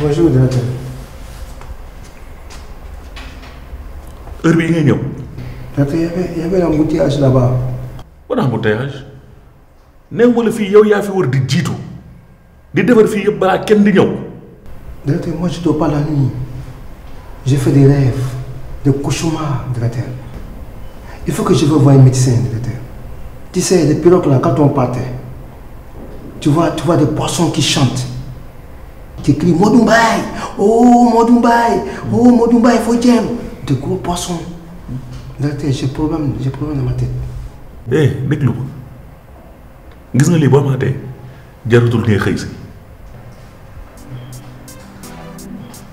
bonjour directeur. heure bii ngay ñëw. parce que y avait un embouteillage là-bas. wala embouteillage néew ma la fii yow yaa fi war di jiitu di defar fii yëpp balaa kenn di ñëw. directeur moi je dors pas la je fais des rêves des cauchemars directeur il faut que je veux voir un médecin directeur tu sais les pirogues là quand on partait tu vois tu vois des poissons Qui crie Modou Mbaye Oh Modou Mbaye Oh Modou Mbaye, faut De gros poissons. J'ai problème, j'ai problème dans ma tête. eh déglu ko gis nga lii boo amaatee jarutul ngay xëy si.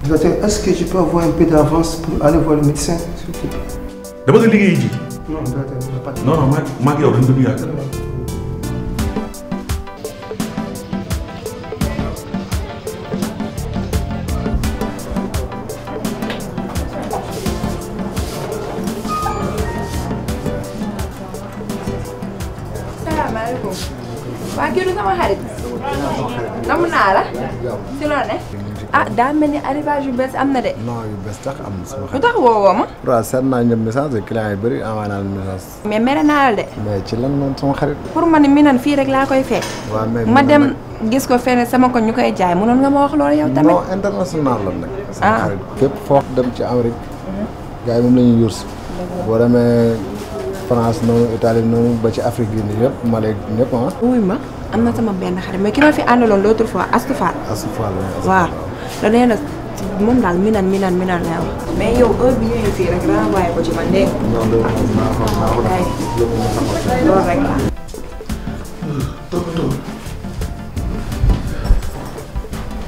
docteur est-ce je peux avoir un peu d'avance pour aller voir le médecin s'il te plaît. dama nga non non non maa maa ngi yow dañu ko yàgg. daa mel ni arrivage yu bees am na de. non yu tax am na sama xel. lu tax woowoo ma. waaw seet naa ñoom message client yu bëri envoyé naa mais mere naa mais ci lan moom sama ma fii rek laa koy fekk. ma dem gis ko fenn sama ko ñu koy jaay mënoon nga ma wax loolu yow tamit. non international la nag. sama ah. xarit képp foo dem ci Amérique. Mhm. gars yi moom la ñuy boo demee France noonu Italie noonu ba ci Afrique yi nii yëpp Mali ñëpp ah. wuy ma am na sama benn xarit mais ki ma fi àndaloon l'autre fois Astou Fall. da nee na moom daal mi naan mi naan mi mais yow heure bi ñëwee ci man de.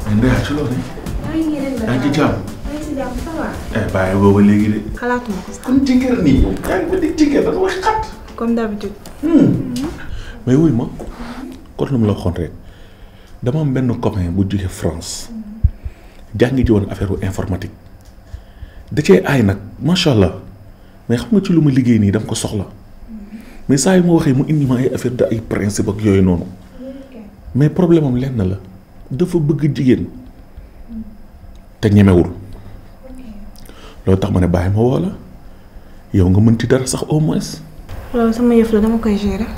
non ci loolu. yaa ngi boobu léegi de. xalaatuma ko sax. mais wuy ma. kon lu mu la waxoon rek dama benn copain bu jóge France. jàngi ji woon affaire informatique da ay nag macha allah mais xam nga ci lu ma liggéey nii dama ko soxla mais saa yu ma waxee mu indi ma ay affaire da ay principe ak yooyu noonu mais problème am lenn la dafa bëgg jigéen te ñemewul loolu tax ma ne bàyyi ma woo la yow nga mënti ci dara sax au moins. loolu sama yëf la dama koy gérer.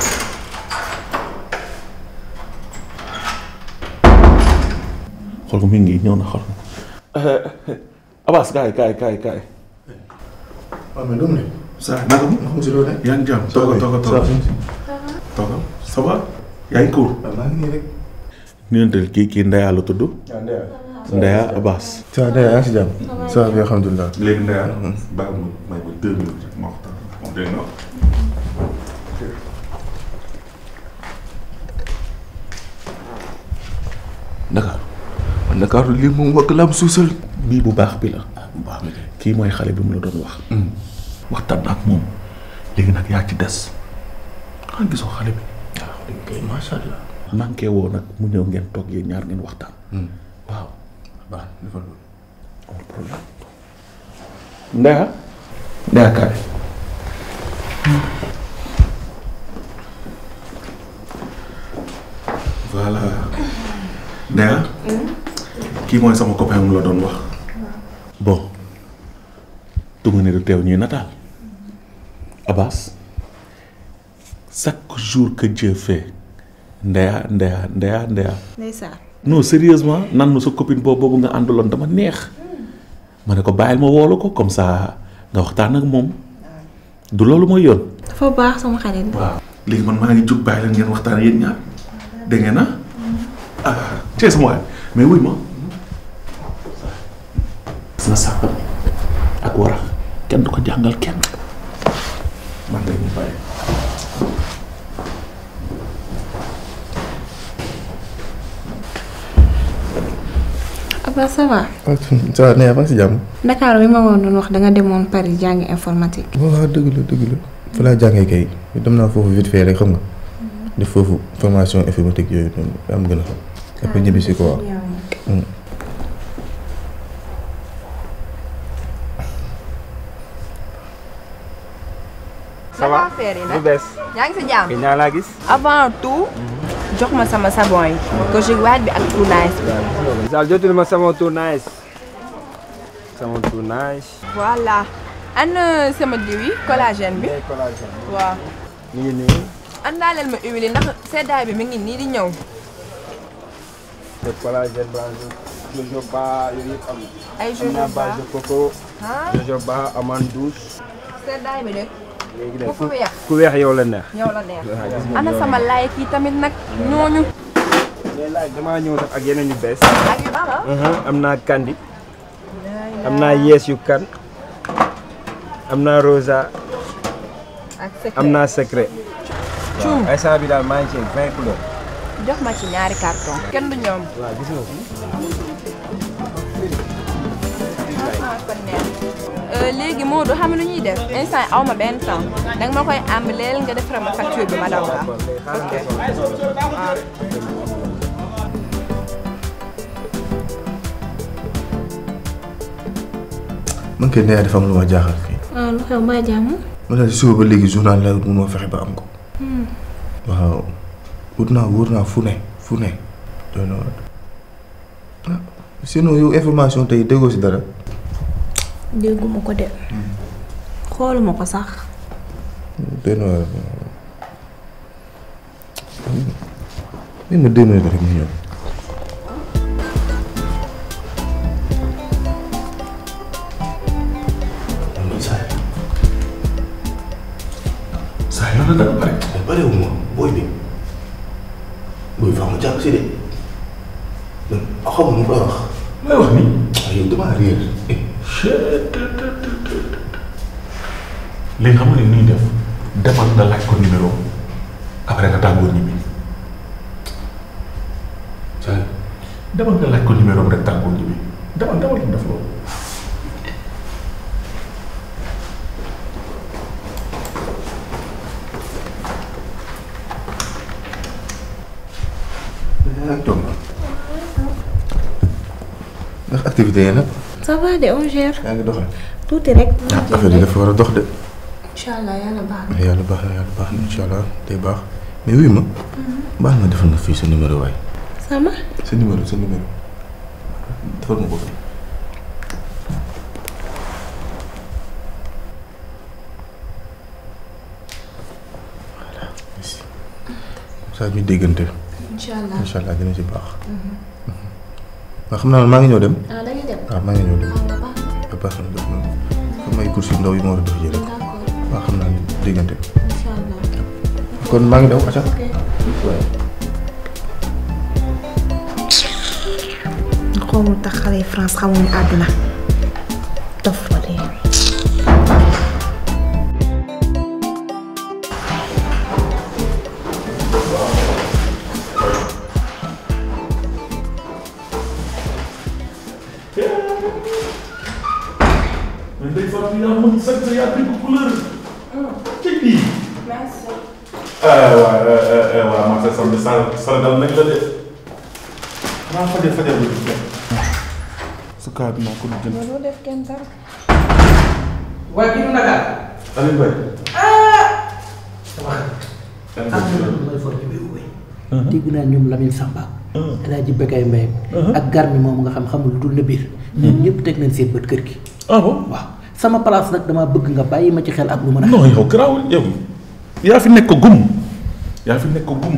xool ko mi ngi ñëw na xool. Abass kaay kaay kaay kaay. waaw mais doomu ne. ça va naka mu ah, kii kii Ndeya la tudd. waaw ah, Ndeya. Ndeya Abass. yaa si jàmm. ça va alhamdulilah. léegi Ndeya. baax Ndakaaru lii moom wagg la am ah, suusal. bii bu baax bi la. kii mooy xale bi mu la doon wax. Hmm. waxtaan ak moom léegi nag yaa ci des ah gisoo xale bi. waaw ah, dañ koy macha allah. manqué woo nag mu ñëw ngeen toog yéen ñaar ngeen waxtaan. Hmm. waaw. baax na defal kii mooy sama copain mu la doon wax. bon tungu ne du teew ñuy nataal Abbas chaque jour que Dieu fait ndeya ndeya ndeya ndeya. ndeysaan. sérieusement nan nu sa copine boobu boobu nga àndaloon dama neex. ma ne ko bàyyil ma woolu ko comme sa nga waxtaan ak moom. du loolu mooy yoon. dafa baax sama xarit. waaw léegi man maa ngi jug bàyyi ngeen waxtaan yéen ñaar dégg ngeen ah. ah sama waay mais wuy ma. sa sàppam ak war a kenn du jàmm. Dakar bi ma woon doon wax da nga demoon Paris jàngi informatique. waaw dëgg la dëgg la. fa laa jàngee kay dem naa foofu vite fait xam nga. Mm-hmm. def foofu formation informatique yooyu noonu am gën a xam. après ah, ñibbi si ko waaw. Mm. affaire yi nag. ngi si jàmm. gis naa laa gis. avant tout. jox ma sama savon yi. Koujik waat bi ak tournaise bi. misaal jotul ma savon tournaise. savon tournaise. voilà. ana euh, sama diw yi collagène bi. collagène bi waaw. mi ngi nii. àndaaleel ma huile ndax seddaay bi mi ngi nii di ñëw. seddaay bi de. ku weex ku weex yow la neex. ana sama laay kii tamit nag ñooñu. ak yeneen yu bees. ak uh-huh. am naa kandi. am naa yees yu kan. am naa rosa. am naa secret. bi daal maa ngi ci vingt couleurs. jox ma ci ñaari carton kenn ñoom. kon neex. Euh, léegi Modou xam lu ñuy def instant yi benn temps danga ma koy am leel nga defaral ma facture bi ma daw la ok waaw. Ah, fexe ba am ko. Hmm. waaw wut naa wóor naa fu ne fu ne. na ah, sinon yow information tey déggoo si dara. dégguma ko de. xooluma ko sax. doy na waar bi ma deux minutes rek ma saa yoo xam ne pare. mais booy bi booy faa ma jàpp de man xaw ma nu koy wax. may wax ni. waaye ah, yow damaa réer. léegi xam nga ni ñuy def defal nga laaj ko numéro après nga tàggoo ñibbi demal nga laaj ko numéro rek tàggoo ñibbi demal demal def loolu. Eh, ndax activité yi nag. ça va de on gère. yaa ngi doxal tuuti rek. Ah, affaire yi dafa war a dox de. incha yàlla baax na. yàlla baax na yàlla baax na incha allah day baax mais wuyu ma. Mm-hmm. baax na defal na fii sa numéro sa numéro defal ma ko fii. voilà saa ñu déggante. incha dina ci baax. Mm-hmm. Mm-hmm. waaw xam naa maa ngi ñëw dem. ah, ah maa ngi ñëw dem. ba ah, baax na ah, ndaw yi ma war a def rek. waaw xam naa déggante. incha kon maa ngi daw acca. xoolul tax xale France xamuñu àdduna dof la de. kon de sar sargal nañ la de xanaa fajar fajar bi du su kaa bi maa ko du jënd waaye ki mu nakaat Aliou Mbaye dégg naa ñoom uh-huh. uh-huh. ak garmi moom nga xam xamul lu dul na biir uh-huh. ñun ñëpp teg nañ seen bët kër gi ah bon waaw sama place nag damaa bëgg nga bàyyi ma ci xel ak lu mën a non yow garaawul yow yaa fi nekk gum yaa fi nekk gum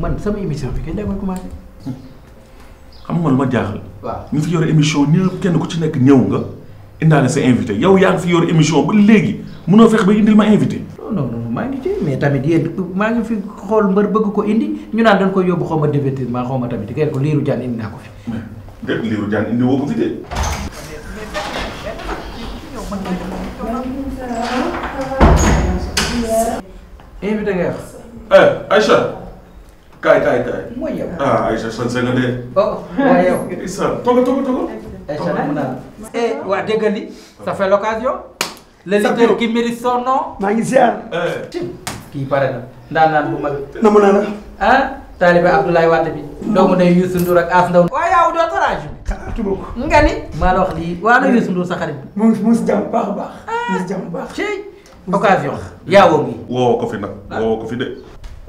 man sama émission bi kañ la koy commencé. xam nga lu ma jaaxal. waaw ñu fi yor émission ñëpp kenn ku ci nekk ñëw nga indaale sa invité yow yaa ngi fi yor émission ba léegi munoo fex ba indil ma invité. noonu maa ngi ci mais tamit yéen maa ngi fi xool mbër bëgg ko indi ñu naan dañ koy yóbbu xaw ma divertissement xaw ma tamit kenn ku liiru jaan ko fi. dégg liiru jaan indi woo ko fi de. invité nga wax. eh Aïcha. kaay kaay kaay. mooy yow ah Aïcha sant nga de. oh mooy yow. Issa toogal toogal toogal. Aïcha la. eh waa dégg li ça fait l'occasion. le leader qui mérite son nom. maa ngi ziar. kii pare na ndaanaan bu mag. namu la. ah taalibe Abdoulaye Wade bi. doomu day Youssou Ndour As Ndaw. waaw yow doo taraaju. xalaatu ma ko. nga ni. maa la wax lii waa na Youssou Ndour sa xarit. mu mu si jàmm baax a baax. mu si occasion. yaa woo ko fi nag woo ko fi de.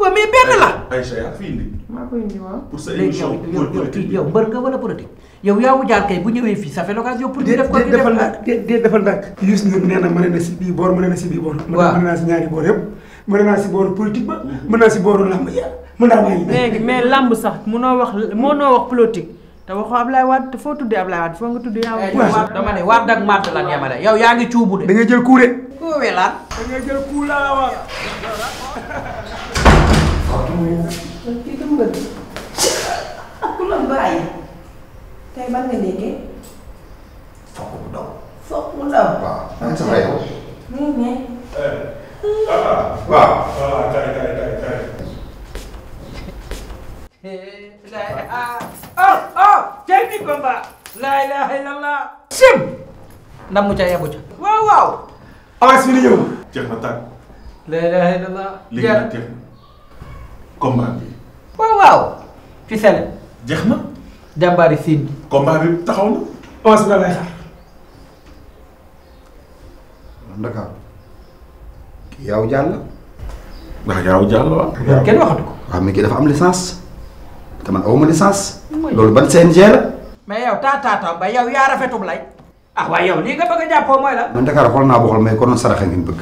waaw mais benn la. Aïcha yaa fi indi. maa koy indi waaw. pour sa émission politique yow mbër nga wala politique. yow yaa wu jaar kay bu ñëwee fii ça fait l'occasion pour ñu def ko def defal ndànk déedéet defal ndànk. Youssou Ndour nee na mën na si bii boor mën na si bii boor. waaw mën naa si ñaari boor yëpp. mën naa si booru politique ba. Mm-hmm. mën naa si booru làmb ya mën naa bàyyi. léegi mais làmb sax munoo wax munoo wax politique. te waxoo Ablaye Wade foo tuddee Ablaye Wade foo nga tuddee. Eh, waaw dama ne Wade ak Mate lan yemale yow yaa ngi cuubu de. da ngay jël kuure. kuure lan. da ngay jël kuulaawa. ku la bàyyi tey ban nga déggee. fokk bu daw. fokk bu daw. waaw man sama yow. muy ne. waaw. voilà kay kay kay kay. ah oh oh tey bi combat. laa ilaaha illallah. sim. ndam mu ca yebu ca. waaw waaw. avance bi ni ñëw. jeex na tàkk. combat bi. waaw waaw. fi sele. jeex na. jàmbaari siin. combat bi taxaw na. onze ba lay xaar. ndaka yaaw jàll. waaw yaaw jàll waaw. kenn waxatu ko. waaw mais kii dafa am licence. te man awuma licence. loolu ban CNG la. mais yow taa taa taa ba yaw yaa rafetum lay. ah waaye yow lii nga bëgg a jàppoo mooy la. man Dakar xool naa boo xool mais konoon saraxa ngeen bëgg.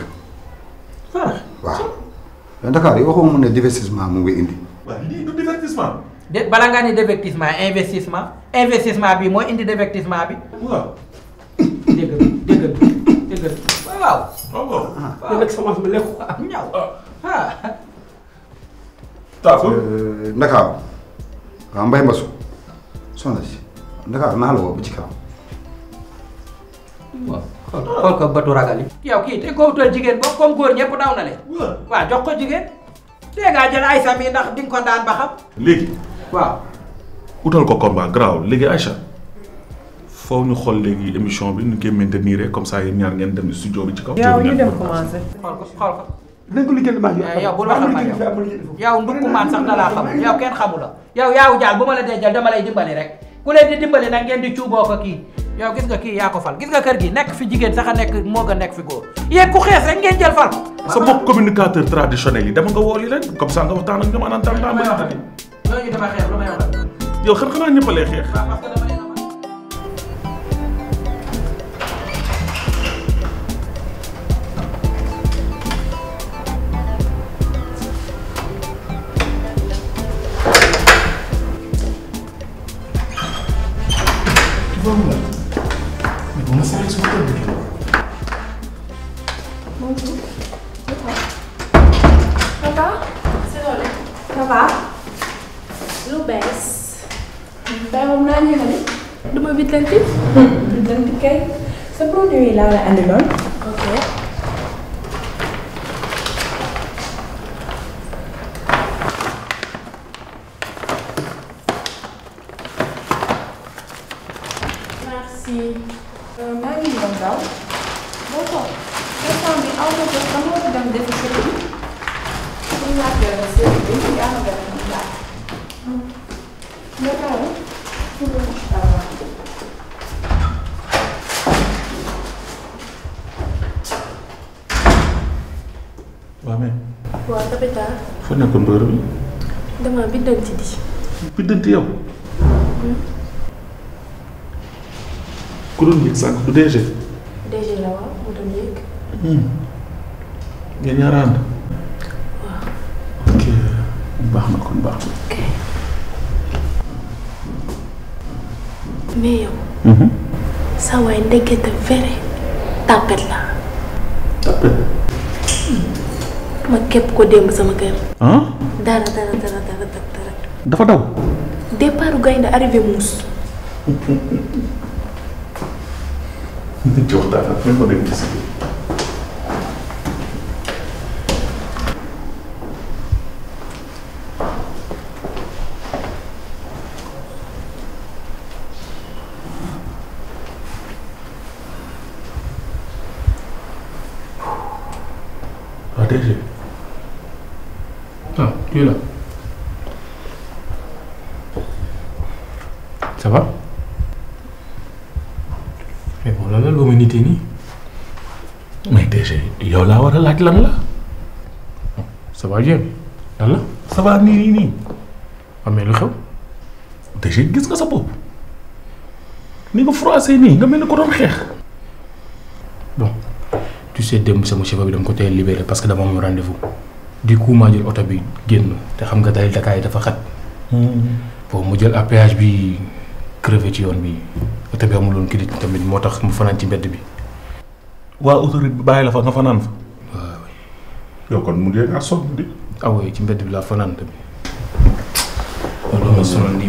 Ah. waaw. Dakar yi waxoo mun ne divertissement mu ngi indi. bala ngaa ni divertissement investissement investissement bi mooy indi divertissement bi. waaw. Oh, oh. Ah, ah. dégg nga dégg nga dégg nga naa la woo ba xool ko bëtu ragal yi yow kii te góobutal jigéen boobu comme góor ñëpp daw na le waaw jox ko jigéen dee ngaa jël Aïssa mii ndax di nga ko daan ba xam léegi waaw utal ko combat grave léegi Aïcha foo ñu xool léegi émission bi ñu koy maintenir comme ça yéen ñaar ngeen dem studio bi ci kaw yow ñu dem commencé xool ko xool ko nañ ko liggéeyal maa ngi. Eh, yow bul wax ak man yow ndukkumaan sax dalaa xam yow kenn xamula yow yaaw jaal bu ma la dee jël dama lay dimbali rek ku leen di dimbali nag ngeen di cuuboo ko kii yow gis nga kii yaa ko fal gis nga kër gi nekk fi jigéen sax a nekk moo gën a nekk fi góor yéen ku xees rek ngeen jël fal ko. sa mbokk communicateur traditionnel yi dama nga wooli leen comme ça nga waxtaan ak ñoom en tant que. dama yow xam xanaa ñëppalee xeex sa produit yi laa ku doon yéeg la waaw mu doon hmm. yéeg. ngeen ñaar waaw. ok baax na kon baax na. mais yow. Hmm. saa waay ndekete fere tàppet la. tàppet. ma képp ko démb sama kër. ah. dara dara dara dara dara. dafa daw. départu gaynde arrivé muus. ci waxtaan ak fi mu nekk ci si ah DG ah tu es là xamante ni mais déjà yow laa war a laaj lan la ça va bien lan la ça nii nii amee lu xew déjà gis nga sa bopp ni nga froissé nii nga mel ni ko doon xeex bon tu démb sama chauffeur bi dama ko teel libéré parce que dama am rendez-vous du coup oto bi génn te xam nga day Dakar yi dafa xat hmm. bon mu jël à bi crevé ci yoon bi oto bi amuloon crédit tamit moo tax mu fanaan ci mbedd bi. waa autorité bi bàyyi la fa nga fanaan fa. waaw. kon mu dee ngaa sonn de. ah oui ci mbedd bi laa fanaan tamit.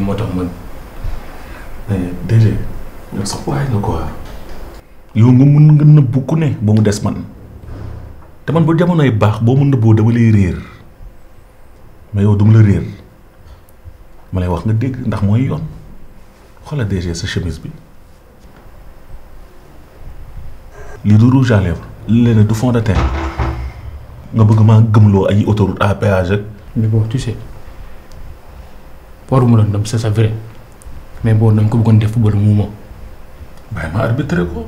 moo tax man. Eh, déedéet. yow sax waay nga quoi. yow nga mun nga nëbbu ku ne ba mu des man te man ba jamonoy baax boo mu nëbboo dama lay réer mais yow duma la réer ma lay wax nga dégg ndax mooy yoon xoola DG sa chemise bi. lii du rouge li leen du fond de teint nga bëgg ma gëmloo ay autoroute à mais bon tu sais waruma doon dem c'est ça vrai mais boo nañ ko bëggoon football muuma. bàyyi ma arbitré ko.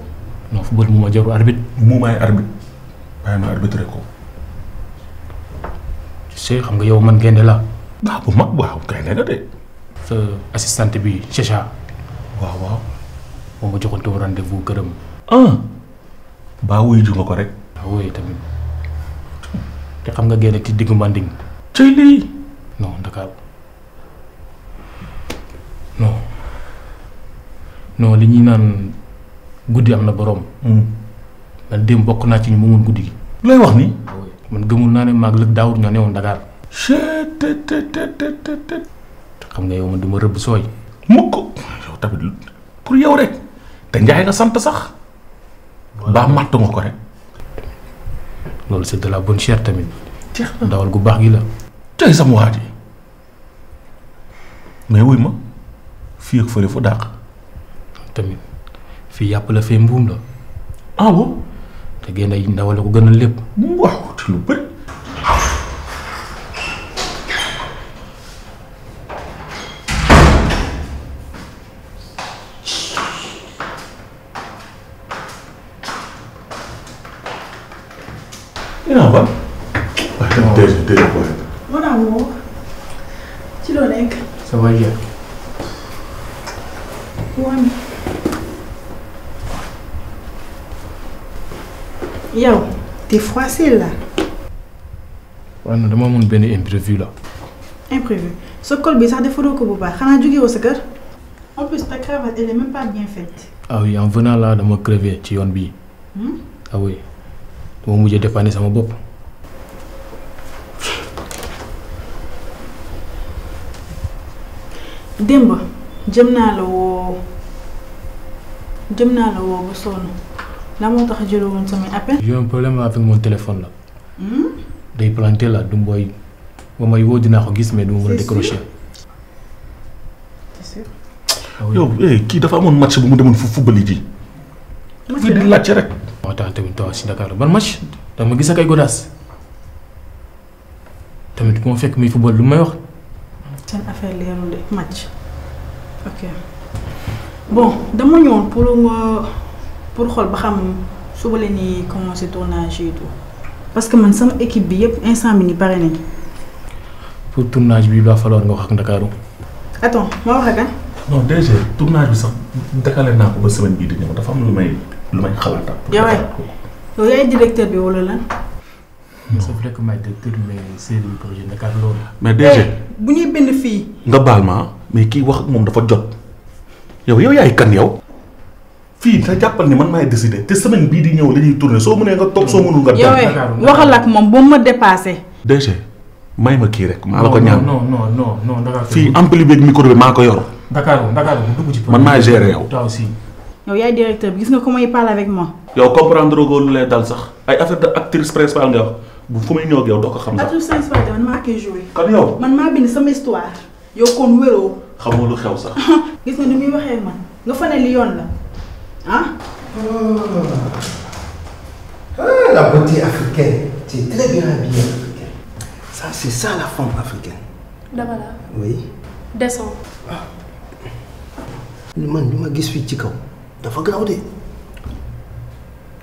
non football muuma jarul arbitre. muumaay arbitre bàyyi ma arbitré ko. tu sais xam nga yow man gaynde la waaw ah, bu mag waaw gaynde la de. sa assistante bi Chacha. waaw waaw. moo ma joxoon rendez këram. Ah! baa wuyu ju nga ko rek. waaw wuyu tamit te xam nga génn ci diggu Manding. ci lii. non Dakar non li ñuy naan guddi am na boroom. Hmm. man démb bokk naa ci ñu moomoon guddi gi. looy wax ni. man gëmul naa ne maag lëg daawut ñoo newoon Dakar. te xam nga yow man du ma rëbb sooy. mukk pour yow rek te njaay nga sant sax. baa màtt nga ko rek. loolu c'est de la bonne tamit. dawal gu baax gi la. tey sama waat yi mais wuy ma fii ak fële fu dàq. tamit fii yàpp la fee mbuum la. ah bon. te génne yi ndawal la ko gënal lépp. waaw te lu bëri. dinaa ko am. waaw déedéet déedéet ko waxee. maanaam moo ci loo nekk. ça va bien. waaw. yow t'es froissé là. waaw non dama amoon benn imprévu la. imprévu sa col bi sax defaroo ko bu baax xanaa jóge woo sa kër. en plus ta cravate elle est même pas bien faite. ah oui en venant là dama crevé ci yoon bii. Hmm? ah oui. dama mujjee dépanner sama bopp. démb jëm naa la woo jëm naa la woo ba sonn la tax jëloo woon samay appel. j'ai un problème avec mon téléphone la. Hmm? day planté la du mbooy ba may woo dinaa ko gis mais du ma a décrocher. Ah yow eh, kii dafa amoon match bu mu demoon fu football ji. match bi di laajte rek. temps tamit taw si Dakar ban match da ma gis ak ay godaas tamit bu ma fekk muy football lu may wax. seen affaire leerul de match ok bon dama ñëwoon pour pour xool ba xam suba la ñuy commencé tournage yi tout parce que man sama équipe bi yëpp instant bi ni pare nañu. pour tournage bi laa faloon nga wax ak Ndakaaru. attends ma wax ak ah. non tournage bi sax dakale naa ko ba semaine bii di ñëw dafa am lu may. lu may xalaataat. yow yow yaay directeur bi wala lan. c'est vrai que mais Serigne eh, bu ñuy bind fii. nga baal ma mais kii wax ak moom dafa jot yow yow yaay kan yow. fii nga jàppal ni man maay décider te semaine bii di ñëw la ñuy tourner soo mënee nga toog soo mënul nga. yow eh, waxal ak moom ba ma dépassé. DG may ma kii rek. maa la ko ñaan non non non non. fii ampli beeg micro bi maa ko yor. Dakar Dakar dugg ci. man maa géré yow. yow yaay directeur bi gis nga comment il parle avec moi. yow comprendre ko lu lay dal sax ay affaire de actrice principale nga wax bu fu muy ñëw ak yow doo ko xam sax. actrice principale man maa koy joué. kon yow man maa bind sama histoire. yow kon wéroo. xamoo lu xew sax. gis nga ni muy waxee man nga fa ne li yoon la ah. Oh. ah la beauté africaine c'est bien africaine ça c'est ça la femme africaine. dama la. oui. Ah. man li ma gis fii ci kaw. dafa garaaw de.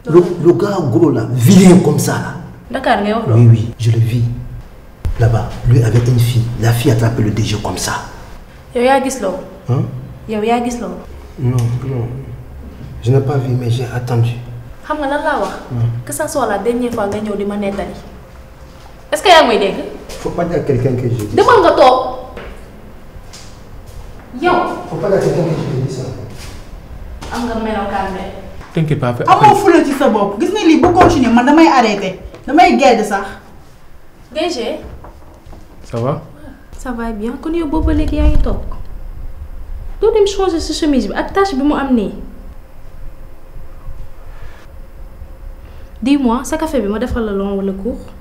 lu lu gaaw gros la vilain comme ça là. Dakar ngay wax loolu. oui oui je le vis. là-bas lui avec une fille la fille attrape le DG comme ça. yow yaa gis loolu. yow yaa gis loolu. non non je n'ai pas vu mais j'ai attendu. xam nga lan laa wax. que ça soit la dernière fois nga ñëw di ma nettali. est-ce que yaa ngi may dégg. faut pas dire quelqu'un que je dis. demal nga toog yow. faut pas dire quelqu'un que je dis ça. am nga melokaan de. t'inquiète pas amoo fula ci sa bopp gis nga lii bu continuer man damay arrêté damay gedd sax. DG. ça va. ça bien kon yow boobu léegi yaa ngi toog doo dem changer sa chemise bi ak tache bi mu am nii. di mois sa café bi ma defal la long wala court.